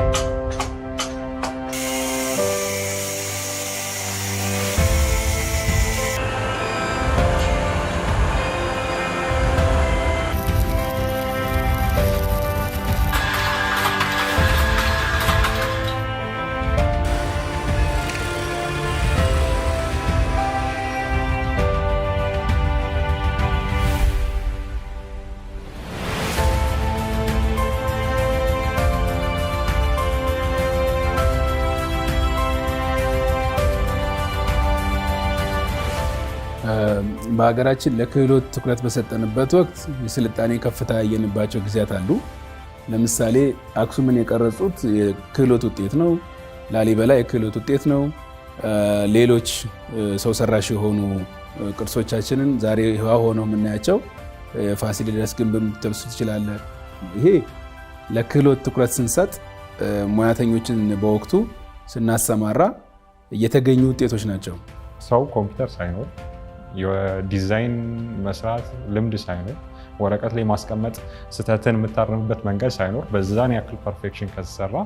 you በሀገራችን ለክህሎት ትኩረት በሰጠንበት ወቅት የስልጣኔ ከፍታ ያየንባቸው ጊዜያት አሉ። ለምሳሌ አክሱምን የቀረጹት የክህሎት ውጤት ነው። ላሊበላ የክህሎት ውጤት ነው። ሌሎች ሰው ሰራሽ የሆኑ ቅርሶቻችንን ዛሬ ህዋ ሆነው የምናያቸው የፋሲለደስ ግንብም ተብሱ ትችላለ። ይሄ ለክህሎት ትኩረት ስንሰጥ ሙያተኞችን በወቅቱ ስናሰማራ የተገኙ ውጤቶች ናቸው። ሰው ኮምፒውተር ሳይኖር የዲዛይን መስራት ልምድ ሳይኖር ወረቀት ላይ ማስቀመጥ ስህተትን የምታርምበት መንገድ ሳይኖር በዛን ያክል ፐርፌክሽን ከተሰራ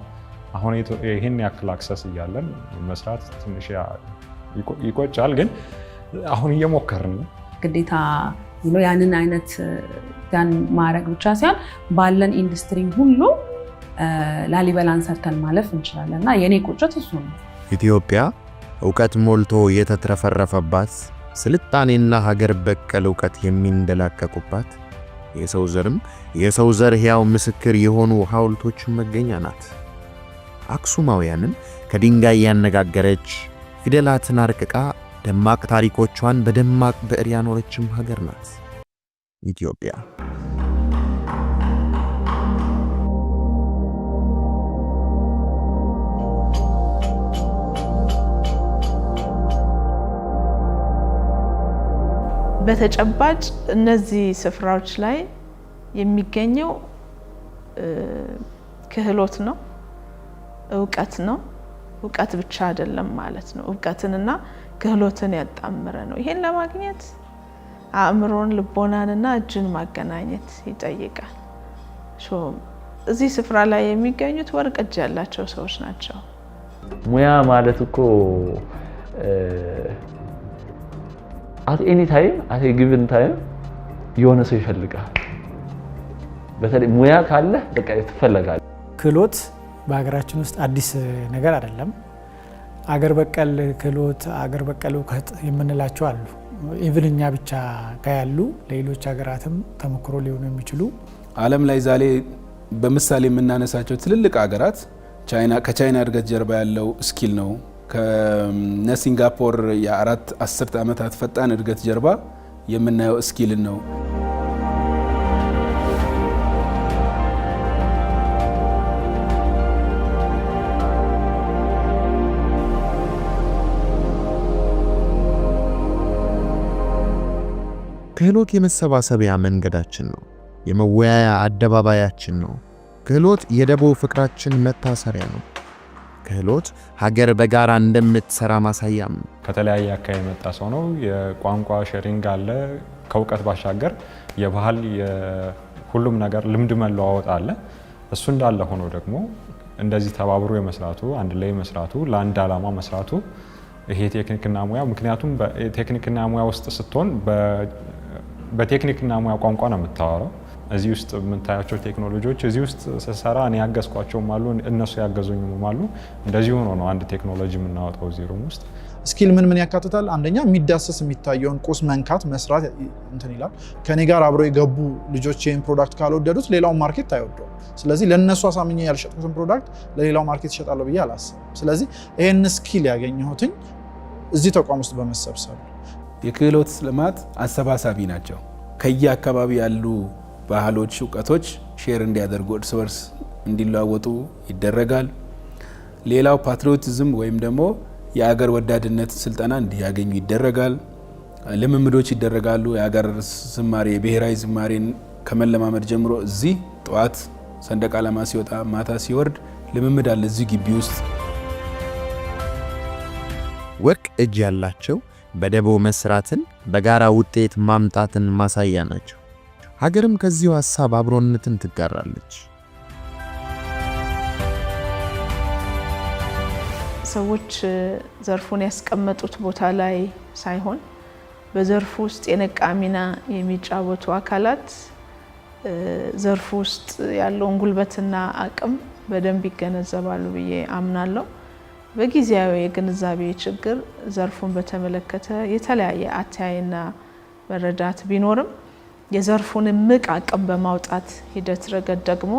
አሁን ይህን ያክል አክሰስ እያለን መስራት ትንሽ ይቆጫል፣ ግን አሁን እየሞከርን ነው ግዴታ ያንን አይነት ያን ማድረግ ብቻ ሳይሆን ባለን ኢንዱስትሪ ሁሉ ላሊበላን ሰርተን ማለፍ እንችላለን እና የእኔ ቁጭት እሱ ነው። ኢትዮጵያ እውቀት ሞልቶ የተትረፈረፈባት ስልጣኔና ሀገር በቀል እውቀት የሚንደላቀቁባት የሰው ዘርም የሰው ዘር ሕያው ምስክር የሆኑ ሐውልቶች መገኛ ናት። አክሱማውያንን ከድንጋይ ያነጋገረች ፊደላትን አርቅቃ ደማቅ ታሪኮቿን በደማቅ ብዕር ያኖረችም ሀገር ናት ኢትዮጵያ። በተጨባጭ እነዚህ ስፍራዎች ላይ የሚገኘው ክህሎት ነው፣ እውቀት ነው። እውቀት ብቻ አይደለም ማለት ነው። እውቀትንና ክህሎትን ያጣመረ ነው። ይሄን ለማግኘት አእምሮን፣ ልቦናንና እጅን ማገናኘት ይጠይቃል። እዚህ ስፍራ ላይ የሚገኙት ወርቅ እጅ ያላቸው ሰዎች ናቸው። ሙያ ማለት እኮ አት ኤኒ ታይም አት ጊቭን ታይም የሆነ ሰው ይፈልጋል። በተለይ ሙያ ካለ በቃ ትፈለጋለህ። ክህሎት በሀገራችን ውስጥ አዲስ ነገር አይደለም። አገር በቀል ክህሎት፣ አገር በቀል እውቀት የምንላቸው አሉ። ኢቭን እኛ ብቻ ጋር ያሉ ለሌሎች ሀገራትም ተሞክሮ ሊሆኑ የሚችሉ ዓለም ላይ ዛሬ በምሳሌ የምናነሳቸው ትልልቅ ሀገራት ከቻይና እድገት ጀርባ ያለው ስኪል ነው። ከነሲንጋፖር የአራት አስርተ ዓመታት ፈጣን እድገት ጀርባ የምናየው እስኪልን ነው። ክህሎት የመሰባሰቢያ መንገዳችን ነው። የመወያያ አደባባያችን ነው። ክህሎት የደቦ ፍቅራችን መታሰሪያ ነው። ክህሎት ሀገር በጋራ እንደምትሰራ ማሳያም። ከተለያየ አካባቢ የመጣ ሰው ነው። የቋንቋ ሸሪንግ አለ። ከእውቀት ባሻገር የባህል ሁሉም ነገር ልምድ መለዋወጥ አለ። እሱ እንዳለ ሆኖ ደግሞ እንደዚህ ተባብሮ የመስራቱ አንድ ላይ መስራቱ ለአንድ ዓላማ መስራቱ ይሄ ቴክኒክና ሙያ ምክንያቱም ቴክኒክና ሙያ ውስጥ ስትሆን በቴክኒክና ሙያ ቋንቋ ነው የምታወራው እዚህ ውስጥ የምታያቸው ቴክኖሎጂዎች እዚህ ውስጥ ስሰራ እኔ ያገዝኳቸውም አሉ፣ እነሱ ያገዙኝም አሉ። እንደዚህ ሆኖ ነው አንድ ቴክኖሎጂ የምናወጣው እዚህ ሩም ውስጥ። ስኪል ምን ምን ያካትታል? አንደኛ የሚዳሰስ የሚታየውን ቁስ መንካት መስራት እንትን ይላል። ከኔ ጋር አብረው የገቡ ልጆች ይህን ፕሮዳክት ካልወደዱት ሌላው ማርኬት አይወደው። ስለዚህ ለእነሱ አሳምኜ ያልሸጥኩትን ፕሮዳክት ለሌላው ማርኬት ይሸጣለሁ ብዬ አላስብም። ስለዚህ ይህን ስኪል ያገኘሁትኝ እዚህ ተቋም ውስጥ በመሰብሰብ የክህሎት ልማት አሰባሳቢ ናቸው ከየአካባቢ ያሉ ባህሎች፣ እውቀቶች ሼር እንዲያደርጉ እርስ በርስ እንዲለዋወጡ ይደረጋል። ሌላው ፓትሪዮቲዝም ወይም ደግሞ የአገር ወዳድነት ስልጠና እንዲያገኙ ይደረጋል። ልምምዶች ይደረጋሉ። የአገር ዝማሬ፣ የብሔራዊ ዝማሬን ከመለማመድ ጀምሮ እዚህ ጠዋት ሰንደቅ ዓላማ ሲወጣ ማታ ሲወርድ ልምምድ አለ እዚህ ግቢ ውስጥ። ወርቅ እጅ ያላቸው በደቦ መስራትን በጋራ ውጤት ማምጣትን ማሳያ ናቸው። ሀገርም ከዚሁ ሐሳብ አብሮነትን ትጋራለች። ሰዎች ዘርፉን ያስቀመጡት ቦታ ላይ ሳይሆን በዘርፉ ውስጥ የነቃ ሚና የሚጫወቱ አካላት ዘርፉ ውስጥ ያለውን ጉልበትና አቅም በደንብ ይገነዘባሉ ብዬ አምናለሁ። በጊዜያዊ የግንዛቤ ችግር ዘርፉን በተመለከተ የተለያየ አተያይና መረዳት ቢኖርም የዘርፉን እምቅ አቅም በማውጣት ሂደት ረገድ ደግሞ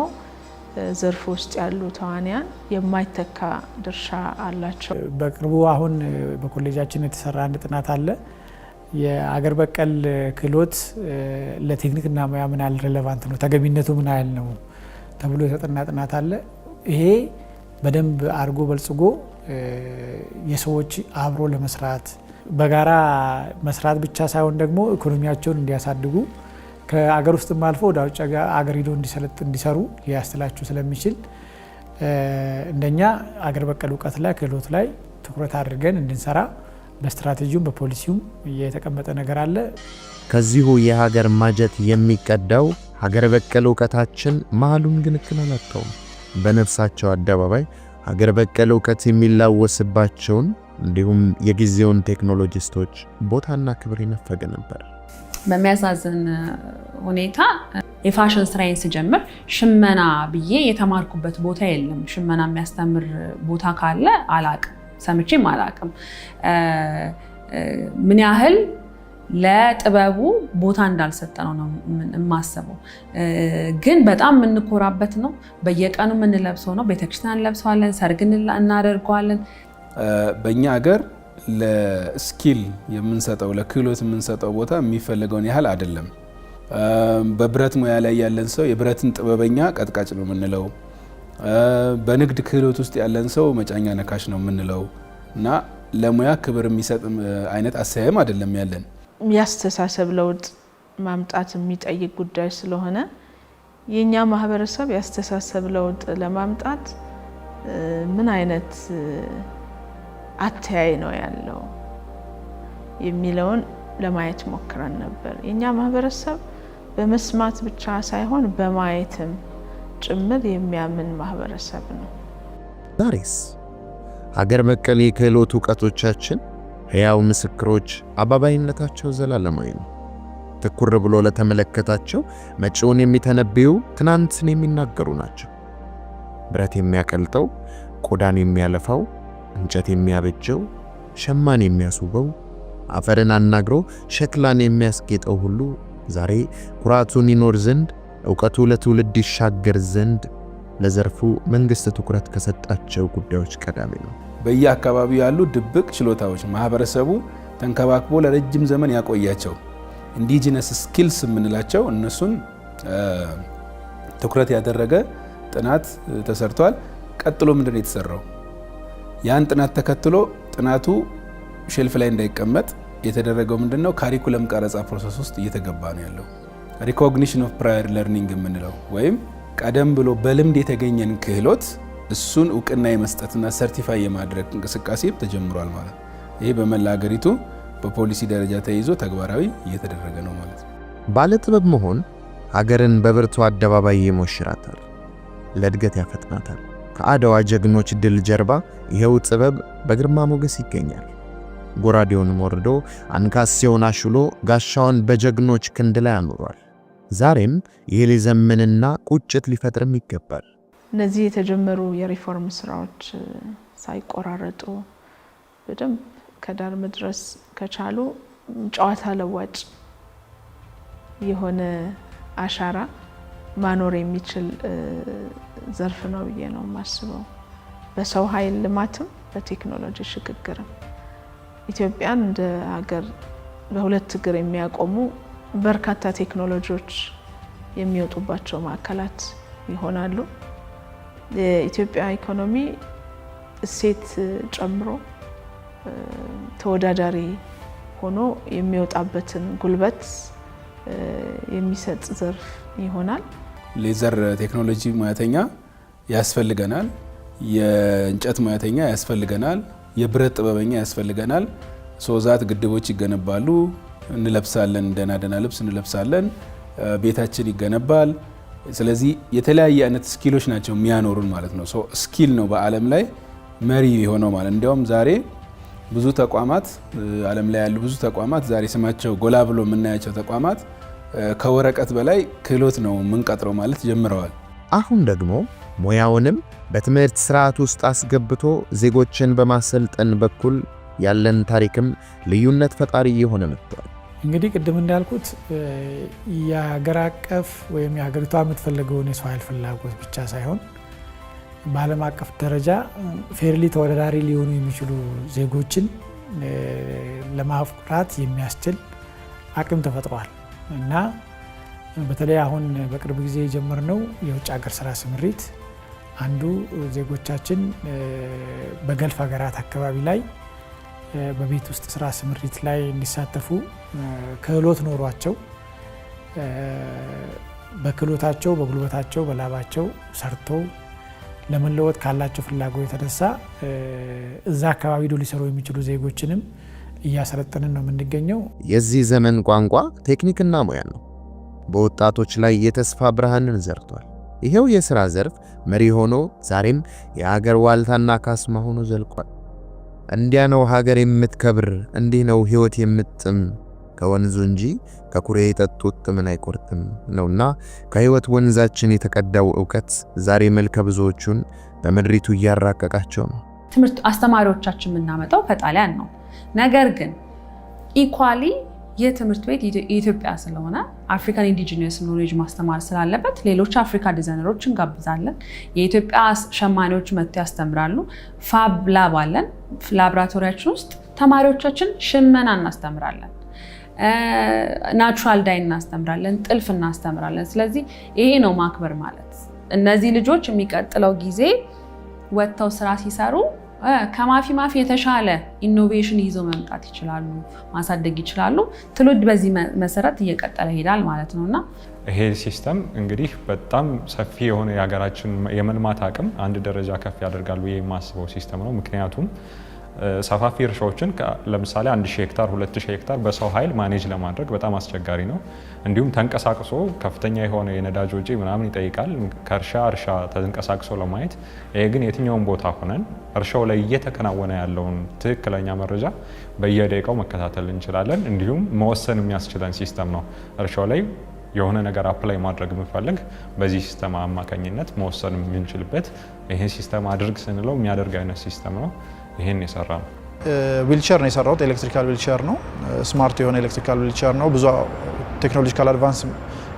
ዘርፍ ውስጥ ያሉ ተዋንያን የማይተካ ድርሻ አላቸው። በቅርቡ አሁን በኮሌጃችን የተሰራ አንድ ጥናት አለ። የአገር በቀል ክህሎት ለቴክኒክና ሙያ ምን ያህል ሬሌቫንት ነው፣ ተገቢነቱ ምን ያህል ነው ተብሎ የተጠና ጥናት አለ። ይሄ በደንብ አድርጎ በልጽጎ የሰዎች አብሮ ለመስራት በጋራ መስራት ብቻ ሳይሆን ደግሞ ኢኮኖሚያቸውን እንዲያሳድጉ ከአገር ውስጥም አልፎ ወደ ውጭ አገር ሂዶ እንዲሰሩ ሊያስችላችሁ ስለሚችል እንደኛ አገር በቀል እውቀት ላይ ክህሎት ላይ ትኩረት አድርገን እንድንሰራ በስትራቴጂውም በፖሊሲውም የተቀመጠ ነገር አለ። ከዚሁ የሀገር ማጀት የሚቀዳው ሀገር በቀል እውቀታችን መሀሉን ግን እክል በነፍሳቸው አደባባይ ሀገር በቀል እውቀት የሚላወስባቸውን እንዲሁም የጊዜውን ቴክኖሎጂስቶች ቦታና ክብር ይነፈግ ነበር። በሚያሳዝን ሁኔታ የፋሽን ስራዬን ስጀምር ሽመና ብዬ የተማርኩበት ቦታ የለም። ሽመና የሚያስተምር ቦታ ካለ አላቅም፣ ሰምቼም አላቅም። ምን ያህል ለጥበቡ ቦታ እንዳልሰጠ ነው የማስበው። ግን በጣም የምንኮራበት ነው። በየቀኑ የምንለብሰው ነው። ቤተክርስቲያን እንለብሰዋለን፣ ሰርግ እናደርገዋለን። በእኛ ሀገር ለስኪል የምንሰጠው ለክህሎት የምንሰጠው ቦታ የሚፈለገውን ያህል አይደለም። በብረት ሙያ ላይ ያለን ሰው የብረትን ጥበበኛ ቀጥቃጭ ነው የምንለው። በንግድ ክህሎት ውስጥ ያለን ሰው መጫኛ ነካሽ ነው የምንለው እና ለሙያ ክብር የሚሰጥ አይነት አሰያየም አይደለም ያለን። የአስተሳሰብ ለውጥ ማምጣት የሚጠይቅ ጉዳይ ስለሆነ የእኛ ማህበረሰብ የአስተሳሰብ ለውጥ ለማምጣት ምን አይነት አተያይ ነው ያለው የሚለውን ለማየት ሞክረን ነበር። የእኛ ማህበረሰብ በመስማት ብቻ ሳይሆን በማየትም ጭምር የሚያምን ማህበረሰብ ነው። ዛሬስ ሀገር በቀል የክህሎት እውቀቶቻችን ሕያው ምስክሮች፣ አባባይነታቸው ዘላለማዊ ነው። ትኩር ብሎ ለተመለከታቸው መጪውን የሚተነብዩ ትናንትን የሚናገሩ ናቸው። ብረት የሚያቀልጠው ቆዳን የሚያለፋው እንጨት የሚያበጀው፣ ሸማን የሚያስውበው፣ አፈርን አናግሮ ሸክላን የሚያስጌጠው ሁሉ ዛሬ ኩራቱን ይኖር ዘንድ እውቀቱ ለትውልድ ይሻገር ዘንድ ለዘርፉ መንግሥት ትኩረት ከሰጣቸው ጉዳዮች ቀዳሚ ነው። በየአካባቢው ያሉ ድብቅ ችሎታዎች ማህበረሰቡ ተንከባክቦ ለረጅም ዘመን ያቆያቸው ኢንዲጂነስ ስኪልስ የምንላቸው እነሱን ትኩረት ያደረገ ጥናት ተሰርቷል። ቀጥሎ ምንድን ነው የተሰራው? ያን ጥናት ተከትሎ ጥናቱ ሼልፍ ላይ እንዳይቀመጥ የተደረገው ምንድን ነው? ካሪኩለም ቀረጻ ፕሮሰስ ውስጥ እየተገባ ነው ያለው። ሪኮግኒሽን ኦፍ ፕራየር ለርኒንግ የምንለው ወይም ቀደም ብሎ በልምድ የተገኘን ክህሎት እሱን እውቅና የመስጠትና ሰርቲፋይ የማድረግ እንቅስቃሴ ተጀምሯል ማለት ነው። ይሄ በመላ ሀገሪቱ በፖሊሲ ደረጃ ተይዞ ተግባራዊ እየተደረገ ነው ማለት ነው። ባለጥበብ መሆን ሀገርን በብርቱ አደባባይ ይሞሽራታል፣ ለእድገት ያፈጥናታል። ከአድዋ ጀግኖች ድል ጀርባ ይኸው ጥበብ በግርማ ሞገስ ይገኛል። ጎራዴውን ወርዶ አንካሴውን አሹሎ ጋሻውን በጀግኖች ክንድ ላይ አኑሯል። ዛሬም ይሄ ሊዘምንና ቁጭት ሊፈጥርም ይገባል። እነዚህ የተጀመሩ የሪፎርም ስራዎች ሳይቆራረጡ በደንብ ከዳር መድረስ ከቻሉ ጨዋታ ለዋጭ የሆነ አሻራ ማኖር የሚችል ዘርፍ ነው ብዬ ነው የማስበው። በሰው ኃይል ልማትም በቴክኖሎጂ ሽግግርም ኢትዮጵያን እንደ ሀገር በሁለት እግር የሚያቆሙ በርካታ ቴክኖሎጂዎች የሚወጡባቸው ማዕከላት ይሆናሉ። የኢትዮጵያ ኢኮኖሚ እሴት ጨምሮ ተወዳዳሪ ሆኖ የሚወጣበትን ጉልበት የሚሰጥ ዘርፍ ይሆናል። ሌዘር ቴክኖሎጂ ሙያተኛ ያስፈልገናል። የእንጨት ሙያተኛ ያስፈልገናል፣ የብረት ጥበበኛ ያስፈልገናል። ሶዛት ግድቦች ይገነባሉ፣ እንለብሳለን፣ ደህና ደህና ልብስ እንለብሳለን፣ ቤታችን ይገነባል። ስለዚህ የተለያየ አይነት ስኪሎች ናቸው የሚያኖሩን ማለት ነው። ስኪል ነው በዓለም ላይ መሪ የሆነው ማለት እንዲያውም ዛሬ ብዙ ተቋማት ዓለም ላይ ያሉ ብዙ ተቋማት ዛሬ ስማቸው ጎላ ብሎ የምናያቸው ተቋማት ከወረቀት በላይ ክህሎት ነው የምንቀጥረው ማለት ጀምረዋል። አሁን ደግሞ ሙያውንም በትምህርት ስርዓት ውስጥ አስገብቶ ዜጎችን በማሰልጠን በኩል ያለን ታሪክም ልዩነት ፈጣሪ የሆነ መጥቷል። እንግዲህ ቅድም እንዳልኩት የሀገር አቀፍ ወይም የሀገሪቷ የምትፈልገውን የሰው ኃይል ፍላጎት ብቻ ሳይሆን በዓለም አቀፍ ደረጃ ፌርሊ ተወዳዳሪ ሊሆኑ የሚችሉ ዜጎችን ለማፍራት የሚያስችል አቅም ተፈጥሯል እና በተለይ አሁን በቅርብ ጊዜ የጀመርነው የውጭ ሀገር ስራ ስምሪት አንዱ ዜጎቻችን በገልፍ ሀገራት አካባቢ ላይ በቤት ውስጥ ስራ ስምሪት ላይ እንዲሳተፉ ክህሎት ኖሯቸው በክህሎታቸው፣ በጉልበታቸው፣ በላባቸው ሰርተው ለመለወጥ ካላቸው ፍላጎት የተነሳ እዛ አካባቢ ዶ ሊሰሩ የሚችሉ ዜጎችንም እያሰለጠንን ነው የምንገኘው። የዚህ ዘመን ቋንቋ ቴክኒክና ሙያ ነው። በወጣቶች ላይ የተስፋ ብርሃንን ዘርቷል። ይሄው የሥራ ዘርፍ መሪ ሆኖ ዛሬም የሀገር ዋልታና ካስማ ሆኖ ዘልቋል። እንዲያ ነው ሀገር የምትከብር፣ እንዲህ ነው ሕይወት የምትጥም። ከወንዙ እንጂ ከኩሬ የጠጡት ጥምን አይቆርጥም ነውና ከሕይወት ወንዛችን የተቀዳው እውቀት ዛሬ መልከ ብዙዎቹን በምድሪቱ እያራቀቃቸው ነው። ትምህርት አስተማሪዎቻችን የምናመጣው ፈጣሊያን ነው። ነገር ግን ኢኳሊ ይህ ትምህርት ቤት የኢትዮጵያ ስለሆነ አፍሪካን ኢንዲጂነስ ኖሌጅ ማስተማር ስላለበት ሌሎች አፍሪካ ዲዛይነሮች እንጋብዛለን። የኢትዮጵያ ሸማኔዎች መጥተው ያስተምራሉ። ፋብ ላብ አለን። ላብራቶሪያችን ውስጥ ተማሪዎቻችን ሽመና እናስተምራለን። ናቹራል ዳይ እናስተምራለን። ጥልፍ እናስተምራለን። ስለዚህ ይሄ ነው ማክበር ማለት። እነዚህ ልጆች የሚቀጥለው ጊዜ ወጥተው ስራ ሲሰሩ ከማፊ ማፊ የተሻለ ኢኖቬሽን ይዘው መምጣት ይችላሉ፣ ማሳደግ ይችላሉ። ትውልድ በዚህ መሰረት እየቀጠለ ይሄዳል ማለት ነው እና ይሄ ሲስተም እንግዲህ በጣም ሰፊ የሆነ የሀገራችን የመልማት አቅም አንድ ደረጃ ከፍ ያደርጋል ብዬ የማስበው ሲስተም ነው ምክንያቱም ሰፋፊ እርሻዎችን ለምሳሌ 1000 ሄክታር 2000 ሄክታር በሰው ኃይል ማኔጅ ለማድረግ በጣም አስቸጋሪ ነው። እንዲሁም ተንቀሳቅሶ ከፍተኛ የሆነ የነዳጅ ወጪ ምናምን ይጠይቃል ከእርሻ እርሻ ተንቀሳቅሶ ለማየት። ይሄ ግን የትኛውን ቦታ ሆነን እርሻው ላይ እየተከናወነ ያለውን ትክክለኛ መረጃ በየደቂቃው መከታተል እንችላለን። እንዲሁም መወሰን የሚያስችለን ሲስተም ነው። እርሻው ላይ የሆነ ነገር አፕላይ ማድረግ የምፈልግ በዚህ ሲስተም አማካኝነት መወሰን የምንችልበት ይህን ሲስተም አድርግ ስንለው የሚያደርግ አይነት ሲስተም ነው። ይሄን የሰራ ነው። ዊልቸር ነው የሰራሁት። ኤሌክትሪካል ዊልቸር ነው፣ ስማርት የሆነ ኤሌክትሪካል ዊልቸር ነው። ብዙ ቴክኖሎጂካል አድቫንስ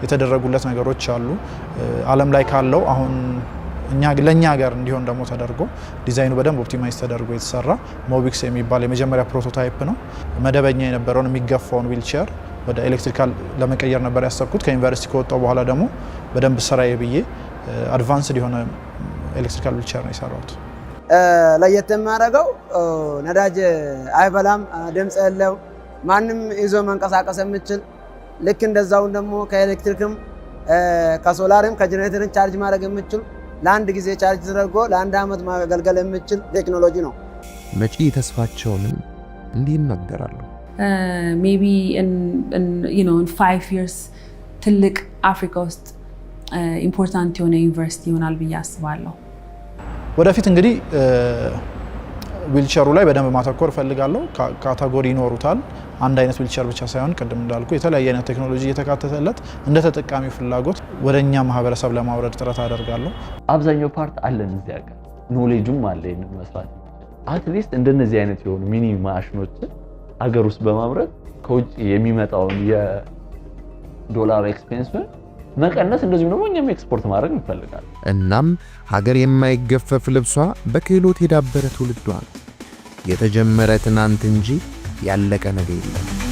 የተደረጉለት ነገሮች አሉ። ዓለም ላይ ካለው አሁን እኛ ለእኛ ሀገር እንዲሆን ደግሞ ተደርጎ ዲዛይኑ በደንብ ኦፕቲማይዝ ተደርጎ የተሰራ ሞቢክስ የሚባል የመጀመሪያ ፕሮቶታይፕ ነው። መደበኛ የነበረውን የሚገፋውን ዊልቸር ወደ ኤሌክትሪካል ለመቀየር ነበር ያሰብኩት። ከዩኒቨርሲቲ ከወጣው በኋላ ደግሞ በደንብ ስራዬ ብዬ አድቫንስድ የሆነ ኤሌክትሪካል ዊልቸር ነው የሰራሁት። ለየት የማደርገው ነዳጅ አይበላም፣ ድምፅ የለው፣ ማንም ይዞ መንቀሳቀስ የምችል ልክ እንደዛውን ደግሞ ከኤሌክትሪክም ከሶላርም ከጀኔሬተርን ቻርጅ ማድረግ የምችል ለአንድ ጊዜ ቻርጅ ተደርጎ ለአንድ ዓመት ማገልገል የምችል ቴክኖሎጂ ነው። መጪ ተስፋቸውንም እንዲህ ይናገራሉ። ሜቢ ፋይቭ ይርስ ትልቅ አፍሪካ ውስጥ ኢምፖርታንት የሆነ ዩኒቨርሲቲ ይሆናል ብዬ አስባለሁ። ወደፊት እንግዲህ ዊልቸሩ ላይ በደንብ ማተኮር እፈልጋለሁ። ካታጎሪ ይኖሩታል። አንድ አይነት ዊልቸር ብቻ ሳይሆን ቅድም እንዳልኩ የተለያየ አይነት ቴክኖሎጂ እየተካተተለት እንደ ተጠቃሚው ፍላጎት ወደ እኛ ማህበረሰብ ለማውረድ ጥረት አደርጋለሁ። አብዛኛው ፓርት አለን እዚያ ጋር ኖሌጁም አለ ይህንን መስራት አትሊስት እንደነዚህ አይነት የሆኑ ሚኒ ማሽኖችን አገር ውስጥ በማምረት ከውጭ የሚመጣውን የዶላር ኤክስፔንስን መቀነስ፣ እንደዚሁም ደግሞ እኛም ኤክስፖርት ማድረግ እንፈልጋለን። እናም ሀገር የማይገፈፍ ልብሷ በክህሎት የዳበረ ትውልዷ ነው። የተጀመረ ትናንት እንጂ ያለቀ ነገር የለም።